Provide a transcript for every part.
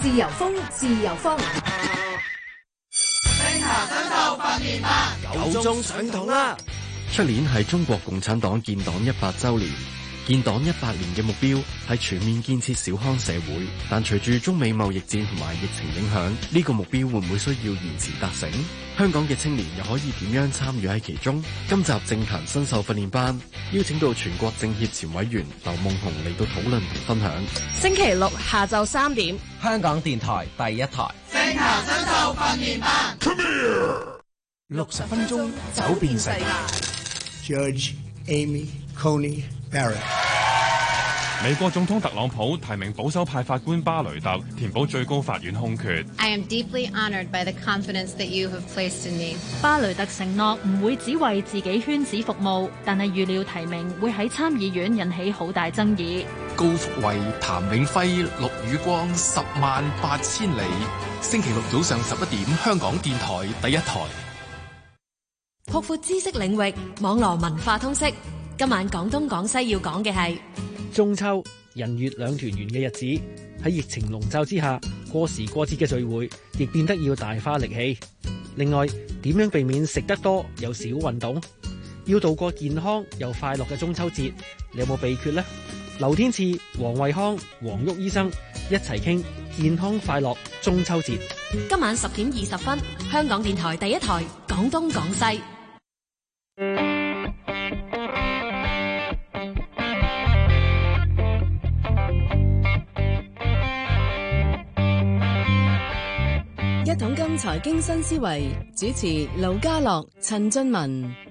自由風，自由風，青芽新秀八年半，九鐘上堂啦。出年係中國共產黨建黨一百週年。建黨一百年嘅目標係全面建設小康社會，但隨住中美貿易戰同埋疫情影響，呢個目標會唔會需要延遲達成？香港嘅青年又可以點樣參與喺其中？今集政壇新秀訓練班邀請到全國政協前委員劉夢熊嚟到討論同分享。星期六下晝三點，香港電台第一台政壇新秀訓練班，六十 Come here! 分鐘走遍世界。George Amy Coney。美國總統特朗普提名保守派法官巴雷特填補最高法院空缺。巴雷特承諾唔會只為自己圈子服務，但係預料提名會喺參議院引起好大爭議。高福慧、譚永輝、陸宇光，十萬八千里。星期六早上十一點，香港電台第一台。擴闊知識領域，網絡文化通識。今晚廣東廣西要講嘅係中秋人月兩團圓嘅日子，喺疫情籠罩之下，過時過節嘅聚會亦變得要大花力氣。另外，點樣避免食得多又少運動，要度過健康又快樂嘅中秋節，你有冇秘訣呢？劉天賜、黃惠康、黃玉醫生一齊傾健康快樂中秋節。今晚十點二十分，香港電台第一台廣東廣西。一桶金財經新思維，主持盧家樂、陳俊文。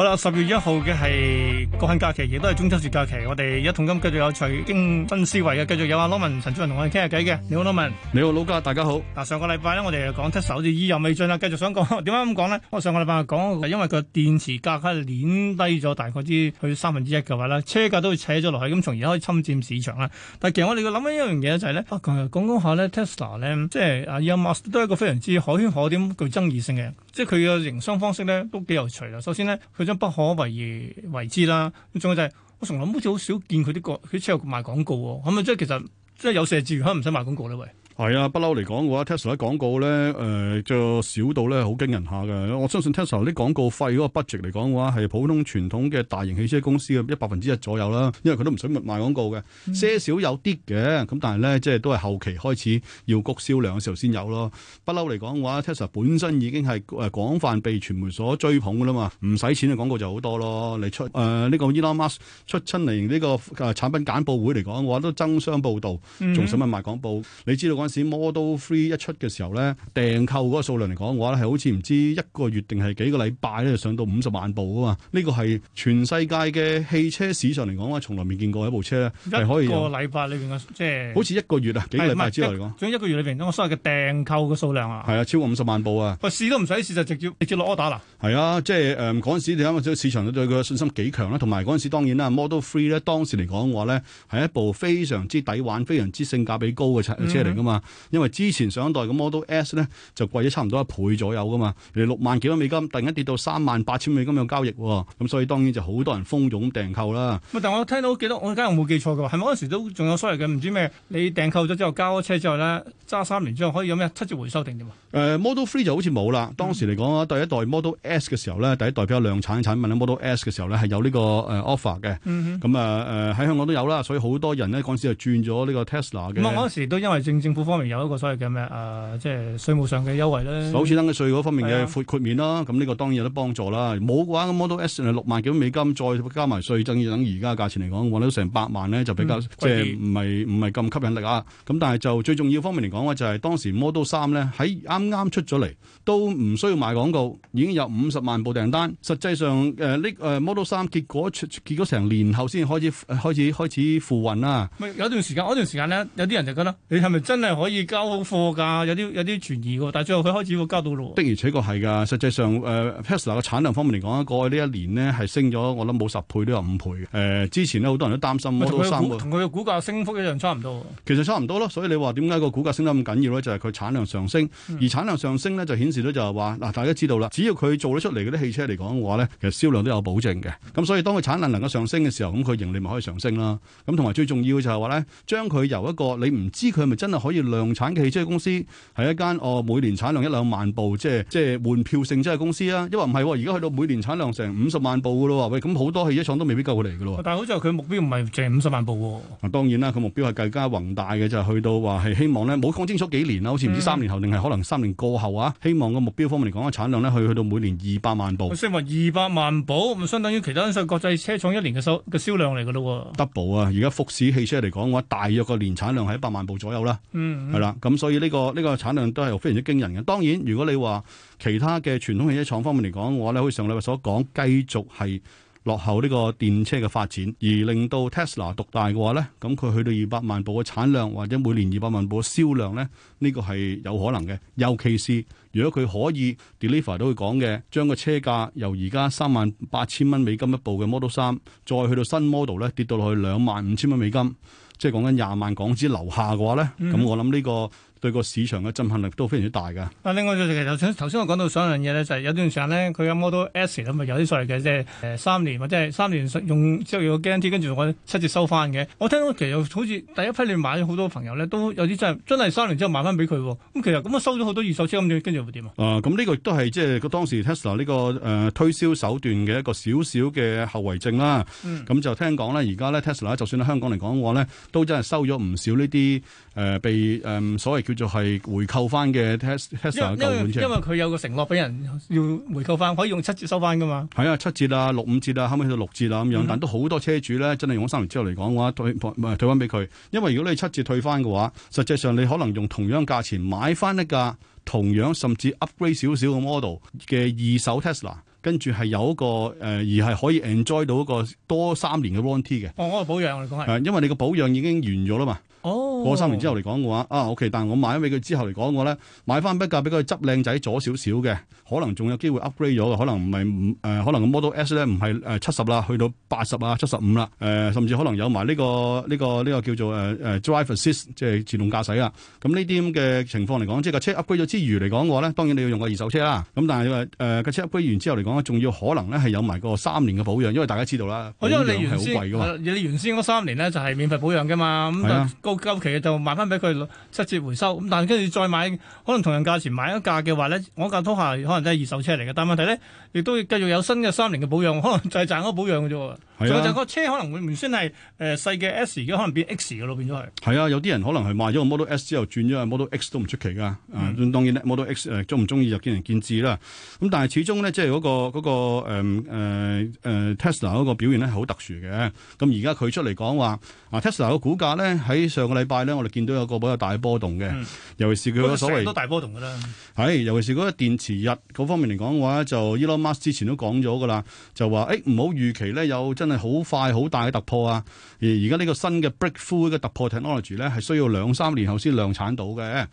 好啦，十月一號嘅係國慶假期，亦都係中秋節假期。我哋一桶金繼續有財經新思維嘅，繼續有阿、啊、羅文陳主任同我哋傾下偈嘅。你好，羅文。你好，老哥，大家好。嗱，上個禮拜咧，我哋又講 Tesla 好似意猶未盡啦，繼續想講點解咁講呢？我上個禮拜講，因為個電池價格係捻低咗大概啲去三分之一嘅話呢，車價都會扯咗落去，咁從而可以侵占市場啦。但其實我哋要諗緊一樣嘢咧，就係咧，講講下 Tesla 呢，呢即係阿伊恩馬斯都一個非常之可圈可點具爭議性嘅，即係佢嘅營商方式呢，都幾有趣啦。首先呢。不可為而為之啦。仲有就係我從來好似好少見佢啲國佢出賣廣告喎。咁咪即係其實即係有可能唔使賣廣告咧？喂！係啊，不嬲嚟講嘅話，Tesla 嘅廣告咧，誒、呃，就少到咧好驚人下嘅。我相信 Tesla 啲廣告費嗰個 budget 嚟講嘅話，係普通傳統嘅大型汽車公司嘅一百分之一左右啦。因為佢都唔使賣廣告嘅，嗯、些少有啲嘅。咁但係咧，即係都係後期開始要谷銷量嘅時候先有咯。不嬲嚟講嘅話，Tesla 本身已經係誒廣泛被傳媒所追捧噶啦嘛，唔使錢嘅廣告就好多咯。你出誒呢、呃這個 Elon Musk 出親嚟呢個誒、啊、產品簡報會嚟講嘅話，都爭相報道，仲使乜賣廣告？嗯、你知道？嗰陣時 Model Three 一出嘅時候咧，訂購嗰個數量嚟講嘅話咧，係好似唔知一個月定係幾，就是、幾個禮拜咧，就上到五十萬部啊嘛。呢個係全世界嘅汽車市場嚟講啊，話，從來未見過一部車咧係可以一個禮拜裏邊嘅，即係好似一個月啊，幾禮拜之內講，仲有一個月裏邊我所謂嘅訂購嘅數量啊，係啊，超過五十萬部啊，喂，試都唔使試就直接直接落 order 啦。係啊，即係誒嗰陣時你諗啊，即係市場對佢信心幾強啦。同埋嗰陣時當然啦，Model Three 咧當時嚟講嘅話咧，係一部非常之抵玩、非常之性價比高嘅車嚟噶嘛。嗯因為之前上一代嘅 Model S 咧就貴咗差唔多一倍左右噶嘛，嚟六萬幾多美金，突然間跌到三萬八千美金嘅交易、哦，咁所以當然就好多人蜂擁咁訂購啦。但我聽到我沒記得，我假如冇記錯嘅話，係咪嗰陣時都仲有所謂嘅？唔知咩？你訂購咗之後交咗車之後咧，揸三年之後可以有咩七折回收定點啊？Model Three 就好似冇啦。當時嚟講第一代 Model S 嘅時候咧，嗯、第一代比較量產嘅產品咧，Model S 嘅時候咧係有呢個誒 offer 嘅。咁啊誒喺香港都有啦，所以好多人呢，嗰陣時就轉咗呢個 Tesla 嘅。咁嗰陣時都因為政政方面有一個所謂嘅咩誒，即係稅務上嘅優惠咧。首次登嘅稅嗰方面嘅豁免咯，咁呢、啊、個當然也有得幫助啦。冇嘅話，Model S 係六萬幾美金，再加埋稅，等而家嘅價錢嚟講，換到成百萬咧，就比較、嗯、即係唔係唔係咁吸引力啊。咁但係就最重要方面嚟講咧，就係、係、當時 Model 三咧喺啱啱出咗嚟，都唔需要賣廣告，已經有五十萬部訂單。實際上誒呢誒 Model 三結果出結果成年後先開始開始開始,開始付運啦、啊。有段時間嗰段時間咧，有啲人就覺得你係咪真係啊？可以交好貨㗎，有啲有啲傳疑㗎，但係最後佢開始會交到咯。的而且確係㗎，實際上誒、呃、Tesla 嘅產量方面嚟講咧，過去呢一年呢係升咗，我諗冇十倍都有五倍嘅。誒、呃、之前呢，好多人都擔心同佢嘅，同佢嘅股價升幅一樣差唔多。其實差唔多咯，所以你話點解個股價升得咁緊要咧？就係、是、佢產量上升，嗯、而產量上升咧就顯示到就係話嗱，大家知道啦，只要佢做得出嚟嗰啲汽車嚟講嘅話咧，其實銷量都有保證嘅。咁、嗯、所以當佢產量能，能夠上升嘅時候，咁佢盈利咪可以上升啦。咁同埋最重要嘅就係話咧，將佢由一個你唔知佢係咪真係可以。量產嘅汽車公司係一間哦，每年產量一兩萬部，即係即係換票性質嘅公司啦。因為唔係，而家去到每年產量成五十萬部噶咯，喂，咁好多汽車廠都未必夠佢嚟噶咯。但係好似話佢目標唔係淨係五十萬部。啊，當然啦，佢目標係更加宏大嘅，就係、是、去到話係希望呢，冇講清楚幾年啦，好似唔知三年後定係可能三年過後啊，希望個目標方面嚟講，產量呢，去去到每年二百萬部。即係話二百萬部，咁相當於其他啲國際車廠一年嘅收嘅銷量嚟噶咯。Double 啊！而家、啊、福士汽車嚟講嘅話，大約個年產量係一百萬部左右啦。嗯係啦，咁 所以呢、這個呢、這個產量都係非常之驚人嘅。當然，如果你話其他嘅傳統汽車廠方面嚟講，嘅話咧，好似上禮拜所講，繼續係落後呢個電車嘅發展，而令到 Tesla 獨大嘅話咧，咁佢去到二百萬部嘅產量或者每年二百萬部嘅銷量咧，呢、這個係有可能嘅，尤其是。如果佢可以 deliver，都會講嘅，將個車價由而家三萬八千蚊美金一部嘅 Model 3，再去到新 model 咧跌到落去兩萬五千蚊美金，即係講緊廿萬港紙樓下嘅話咧，咁、嗯、我諗呢個對個市場嘅震撼力都非常之大嘅。啊，另外就其實頭先我講到上樣嘢咧，就係、是、有段時間咧，佢嘅 Model S 咁咪有啲所謂嘅，即係誒三年或者係三年用之後要個 t 跟住我七折收翻嘅。我聽到其實好似第一批你買咗好多朋友咧，都有啲真係真係三年之後賣翻俾佢喎。咁其實咁我收咗好多二手車咁樣跟住。誒，咁呢、呃、個都係即係個當時 Tesla 呢、這個誒、呃、推銷手段嘅一個少少嘅後遺症啦。咁、嗯、就聽講咧，而家咧 Tesla 就算喺香港嚟講嘅話咧，都真係收咗唔少呢啲誒被誒、呃、所謂叫做係回扣翻嘅 Tesla 舊款車因。因為因為佢有個承諾俾人要回扣翻，可以用七折收翻噶嘛。係啊，七折啊，六五折啊，後尾去到六折啦、啊、咁樣。但都好多車主咧，真係用咗三年之後嚟講嘅話退返、呃、退翻俾佢。因為如果你七折退翻嘅話，實際上你可能用同樣價錢買翻一架。同樣甚至 upgrade 少少嘅 model 嘅二手 Tesla，跟住係有一個誒、呃、而係可以 enjoy 到一個多三年嘅 warranty 嘅。哦，嗰個保養我哋講係。誒，因為你個保養已經完咗啦嘛。過三年之後嚟講嘅話，oh. 啊 OK，但係我買咗俾佢之後嚟講嘅話咧，買翻筆架俾佢執靚仔咗少少嘅，可能仲有機會 upgrade 咗嘅，可能唔係誒，可能個 Model S 咧唔係誒七十啦，去到八十啊，七十五啦，誒、呃，甚至可能有埋呢、這個呢、這個呢、這個叫做誒誒、呃、Driver Assist，即係自動駕駛啊。咁呢啲咁嘅情況嚟講，即係個車 upgrade 咗之餘嚟講嘅話咧，當然你要用個二手車啦。咁但係誒誒個車 upgrade 完之後嚟講仲要可能咧係有埋個三年嘅保養，因為大家知道啦，保養係好貴噶嘛，因為你、呃。你原先嗰三年咧就係免費保養噶嘛。嗯到期嘅就賣翻俾佢七折回收，咁但係跟住再買，可能同樣價錢買一架嘅話咧，我架拖下可能都係二手車嚟嘅。但係問題咧，亦都繼續有新嘅三年嘅保養，可能就係賺嗰保養嘅啫。仲、啊、有就個車可能會原先係誒細嘅 S，而家可能變 X 噶咯，變咗係。係啊，有啲人可能係買咗 Model S 之後轉咗 Model X 都唔出奇噶、嗯啊。當當然 Model X 誒鍾唔鍾意，就見仁見智啦。咁、啊、但係始終咧即係嗰、那個嗰、那個誒誒誒 Tesla 嗰個表現咧係好特殊嘅。咁而家佢出嚟講話，Tesla 嘅股價咧喺。上個禮拜咧，我哋見到有個比較大波動嘅，尤其是佢個所謂多、嗯、大波動嘅啦。係，尤其是嗰個電池日嗰方面嚟講嘅話，就 Elon Musk 之前都講咗㗎啦，就話誒唔好預期咧有真係好快好大嘅突破啊！而而家呢個新嘅 breakthrough 嘅突破 technology 咧，係需要兩三年後先量產到嘅。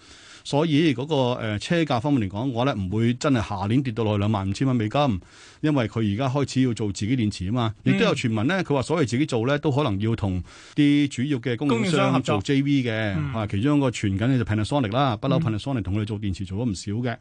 所以嗰個誒車價方面嚟講嘅話咧，唔會真係下年跌到落去兩萬五千蚊美金，因為佢而家開始要做自己電池啊嘛。亦都、嗯、有傳聞咧，佢話所謂自己做咧，都可能要同啲主要嘅供應商合作 JV 嘅、嗯、其中一個傳緊嘅就 Panasonic 啦，不嬲 Panasonic 同佢哋做電池做咗唔少嘅。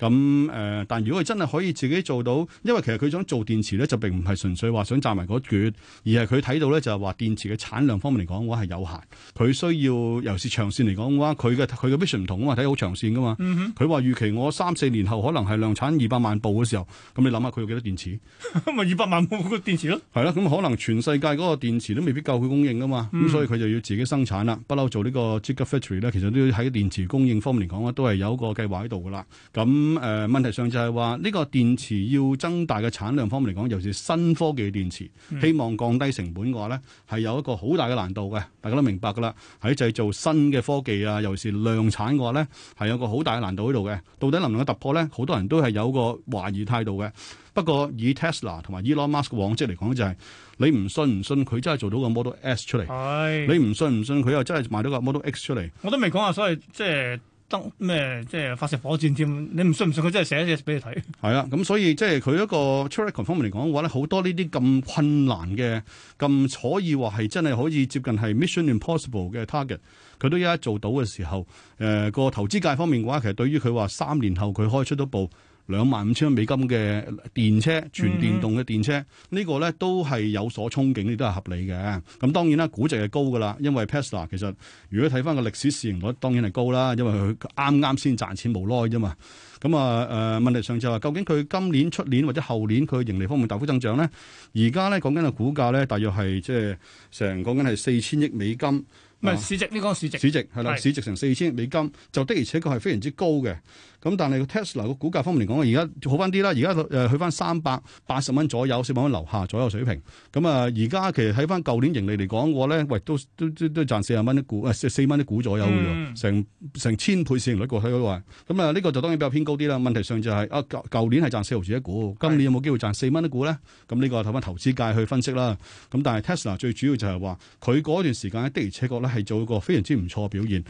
咁誒，但如果佢真係可以自己做到，因為其實佢想做電池咧，就並唔係純粹話想賺埋嗰橛，而係佢睇到咧就係話電池嘅產量方面嚟講，我係有限。佢需要尤其是長線嚟講嘅話，佢嘅佢嘅 vision 唔同啊嘛，睇好長線噶嘛。佢話預期我三四年後可能係量產二百萬部嘅時候，咁你諗下佢要幾多電池？咪二百萬部個電池咯。係啦，咁可能全世界嗰個電池都未必夠佢供應噶嘛，咁、嗯、所以佢就要自己生產啦。不嬲做呢個 Gigafactory 咧，其實都要喺電池供應方面嚟講咧，都係有個計劃喺度噶啦。咁、嗯咁誒、嗯，問題上就係話呢個電池要增大嘅產量方面嚟講，尤其是新科技嘅電池，希望降低成本嘅話咧，係有一個好大嘅難度嘅。大家都明白噶啦，喺製造新嘅科技啊，尤其是量產嘅話咧，係有個好大嘅難度喺度嘅。到底能唔能夠突破咧？好多人都係有個懷疑態度嘅。不過以 Tesla 同埋 Elon Musk 嘅往績嚟講，就係你唔信唔信佢真係做到個 Model S 出嚟，是你唔信唔信佢又真係賣到個 Model X 出嚟。我都未講話，所謂即係。咩？即係發射火箭添，你唔信唔信佢真係寫嘢俾你睇？係啊，咁、嗯、所以即係佢一個 technical 方面嚟講嘅話咧，好多呢啲咁困難嘅、咁可以話係真係可以接近係 mission impossible 嘅 target，佢都一一做到嘅時候，誒、呃、個投資界方面嘅話，其實對於佢話三年後佢開出到部。兩萬五千美金嘅電車，全電動嘅電車呢個咧都係有所憧憬，亦都係合理嘅。咁當然啦，估值係高噶啦，因為 Tesla 其實如果睇翻個歷史市盈率，當然係高啦，因為佢啱啱先賺錢無耐啫嘛。咁啊誒，問題上就係話，究竟佢今年出年或者後年佢盈利方面大幅增長咧？而家咧講緊嘅股價咧，大約係即係成講緊係四千億美金。啊、市值，呢、呢個市值，市值係啦，是市值成四千美金，就的而且確係非常之高嘅。咁但係 Tesla 個股價方面嚟講，而家好翻啲啦。而家、呃、去翻三百八十蚊左右，四百蚊樓下左右，左右水平。咁啊，而、呃、家其實喺翻舊年盈利嚟講嘅話，咧，喂，都都都都賺四十蚊一股，四四蚊一股左右嘅喎，嗯、成成千倍市盈率過去都話咁啊，呢個就當然比較偏高啲啦。問題上就係、是、啊，舊舊年係賺四毫子一股，是今年有冇機會賺四蚊一股咧？咁呢個睇翻投資界去分析啦。咁但係 Tesla 最主要就係話，佢嗰段時間的而且確咧。係做一個非常之唔錯嘅表現，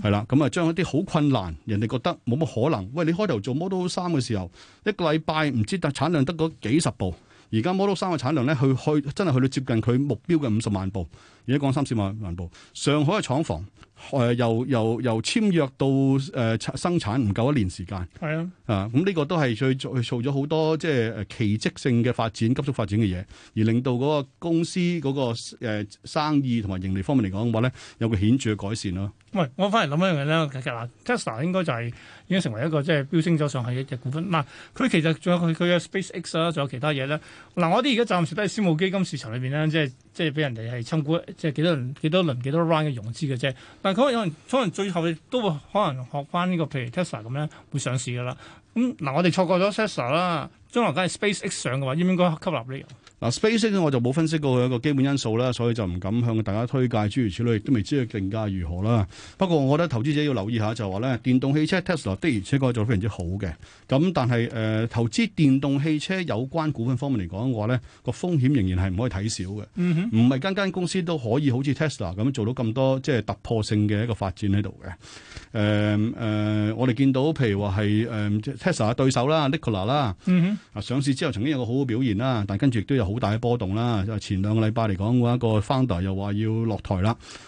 係啦、嗯，咁啊將一啲好困難，人哋覺得冇乜可能，喂，你開頭做 Model 三嘅時候，一個禮拜唔知得產量得嗰幾十部，而家 Model 三嘅產量咧，去去真係去到接近佢目標嘅五十萬部，而家講三四萬萬部，上海嘅廠房。誒又又又簽約到誒、呃、生產唔夠一年時間，係的啊，啊咁呢個都係再再做咗好多即係誒奇蹟性嘅發展、急速發展嘅嘢，而令到嗰個公司嗰、那個、呃、生意同埋盈利方面嚟講嘅話呢有個顯著嘅改善咯、啊。喂，我翻嚟諗一樣嘢咧，嗱，Tesla 應該就係已經成為一個即係飆升咗上行嘅股份。嗱、呃，佢其實仲有佢佢嘅 SpaceX 啦、啊，仲有其他嘢咧。嗱、呃，我哋而家暫時都喺私募基金市場裏邊咧，即係。即係俾人哋係參股，即係幾多輪、幾多輪、幾多 round 嘅融資嘅啫。但係佢可能可能最後都會可能學翻呢、這個，譬如 Tesla 咁咧，會上市嘅啦。咁、嗯、嗱，我哋錯過咗 Tesla 啦，將來梗係 SpaceX 上嘅話，應唔應該吸納呢？嗱、啊、Space 咧我就冇分析過佢一個基本因素啦，所以就唔敢向大家推介諸如此類，亦都未知佢更加如何啦。不過我覺得投資者要留意下，就話咧電動汽車 Tesla 的而且確做得非常之好嘅。咁但係、呃、投資電動汽車有關股份方面嚟講嘅話咧，個風險仍然係唔可以睇少嘅。唔係間間公司都可以好似 Tesla 咁做到咁多即係突破性嘅一個發展喺度嘅。我哋見到譬如話係、呃、Tesla 嘅對手啦 Nikola 啦，啊、嗯、哼上市之後曾經有個好好表現啦，但跟住亦都有。好大嘅波動啦，前兩個禮拜嚟講嘅話，一個 founder 又話要落台啦。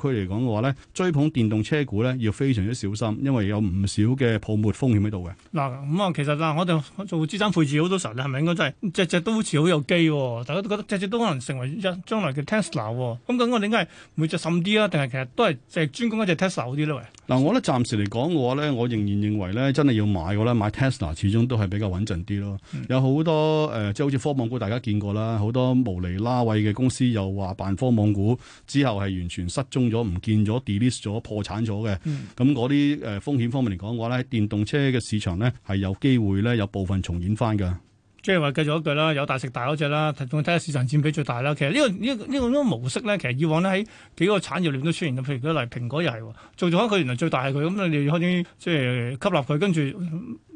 區嚟講嘅話咧，追捧電動車股咧，要非常之小心，因為有唔少嘅泡沫風險喺度嘅。嗱，咁啊，其實嗱，我哋做資產配置好多時咧，係咪應該真係隻隻都好似好有機？大家都覺得隻隻都可能成為一將來嘅 Tesla。咁咁，我點解每隻深啲啊？定係其實都係即係專攻一隻 Tesla 好啲咯？喂，嗱，我覺得暫時嚟講嘅話咧，我仍然認為咧，真係要買嘅咧，買 Tesla 始終都係比較穩陣啲咯。嗯、有好多、呃、好多誒，即係好似科網股，大家見過啦，好多無厘拉位嘅公司又話辦科網股之後係完全失蹤。咗唔見咗，delete 咗，破產咗嘅。咁嗰啲誒風險方面嚟講嘅話咧，喺電動車嘅市場呢係有機會咧，有部分重演翻噶。即係話繼續咗一句啦，有大食大嗰隻啦，仲睇下市場佔比最大啦。其實呢、這個呢呢、這個咁嘅、這個、模式呢，其實以往呢喺幾個產業鏈都出現，譬如如果蘋果又係做咗一個原來最大嘅，咁你哋開始即係吸納佢，跟住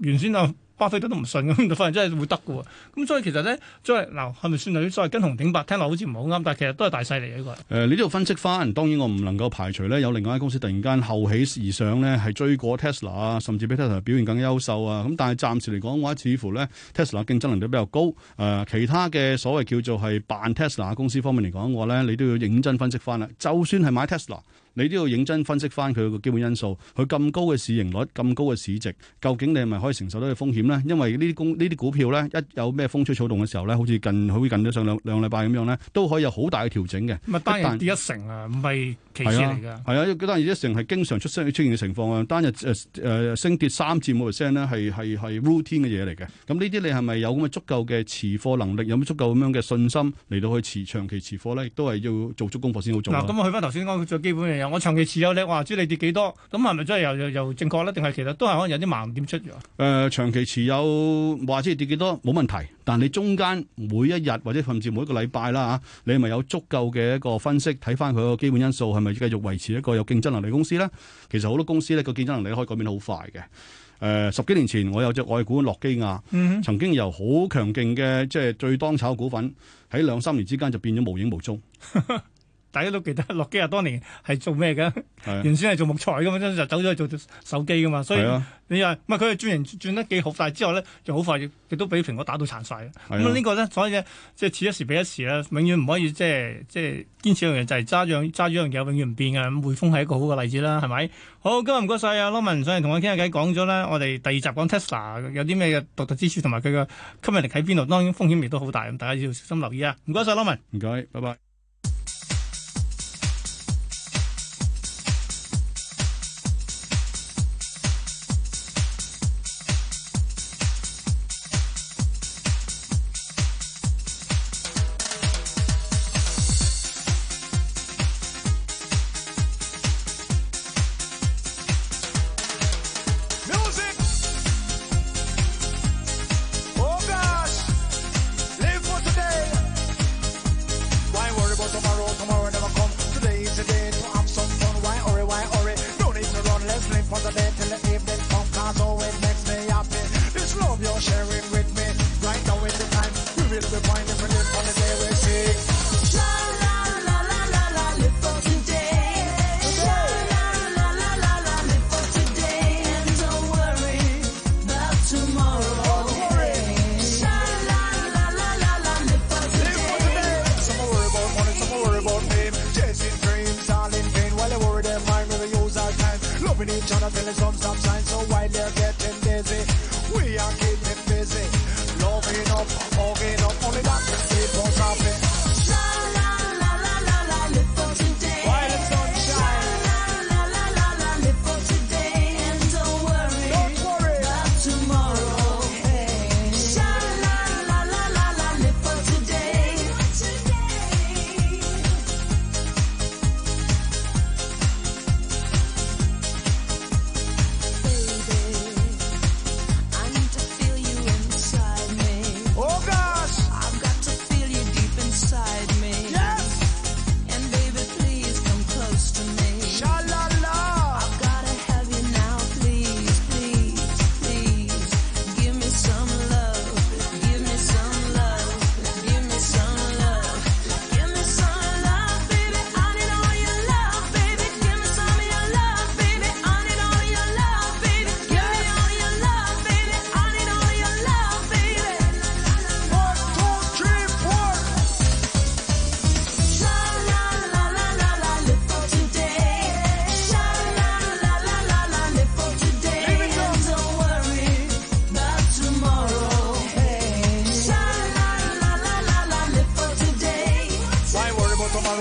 原先啊。巴菲特都唔信咁，就發現真係會得嘅。咁所以其實咧，即係嗱，係咪算係所謂跟紅頂白？聽落好似唔係好啱，但係其實都係大勢嚟嘅一個。誒、呃，你都要分析翻。當然，我唔能夠排除咧，有另外一間公司突然間後起而上咧，係追過 Tesla 啊，甚至比 Tesla 表現更加優秀啊。咁但係暫時嚟講嘅話，似乎咧 Tesla 競爭能力比較高。誒、呃，其他嘅所謂叫做係扮 Tesla 公司方面嚟講嘅話咧，你都要認真分析翻啦。就算係買 Tesla。你都要認真分析翻佢個基本因素，佢咁高嘅市盈率、咁高嘅市值，究竟你係咪可以承受到嘅風險咧？因為呢啲股呢啲股票咧，一有咩風吹草動嘅時候咧，好似近佢近咗上兩兩禮拜咁樣咧，都可以有好大嘅調整嘅。咪單日跌一成啊，唔係但。係啊，係啊，因為當然一成係經常出聲出現嘅情況啊，單日誒誒、呃、升跌三至五 percent 咧，係係係 routine 嘅嘢嚟嘅。咁呢啲你係咪有咁嘅足夠嘅持貨能力？有冇足夠咁樣嘅信心嚟到去持長期持貨咧？亦都係要做足功課先好做。嗱、啊，咁、嗯、我去翻頭先講嘅最基本嘅嘢，我長期持有你話知你跌幾多，咁係咪真係又又正確咧？定係其實都係可能有啲盲點出咗？誒、呃，長期持有話知你跌幾多，冇問題。但你中間每一日或者甚至每一個禮拜啦嚇，你係咪有足夠嘅一個分析，睇翻佢個基本因素係咪繼續維持一個有競爭能力公司咧？其實好多公司咧，個競爭能力可以改變得好快嘅。誒、呃、十幾年前我有隻外股諾基亞，嗯、哼曾經由好強勁嘅即係最當炒股份，喺兩三年之間就變咗無影無蹤。 大家都記得諾基亞當年係做咩嘅？是啊、原先係做木材噶嘛，就走咗去做手機噶嘛。所以是、啊、你話唔係佢轉型轉得幾好，但之後呢，很就好快亦都俾蘋果打到殘晒。咁呢、啊、個呢，所以呢，即係此一時彼一時啦，永遠唔可以即係即係堅持一樣嘢就係揸住揸住一樣嘢，永遠唔變嘅。匯豐係一個好嘅例子啦，係咪？好，今日唔該曬啊，羅文，上嚟同我傾下偈，講咗啦。我哋第二集講 Tesla 有啲咩獨特之處，同埋佢嘅吸引力喺邊度？當然風險亦都好大，咁大家要小心留意啊！唔該曬，羅文，唔該，拜拜。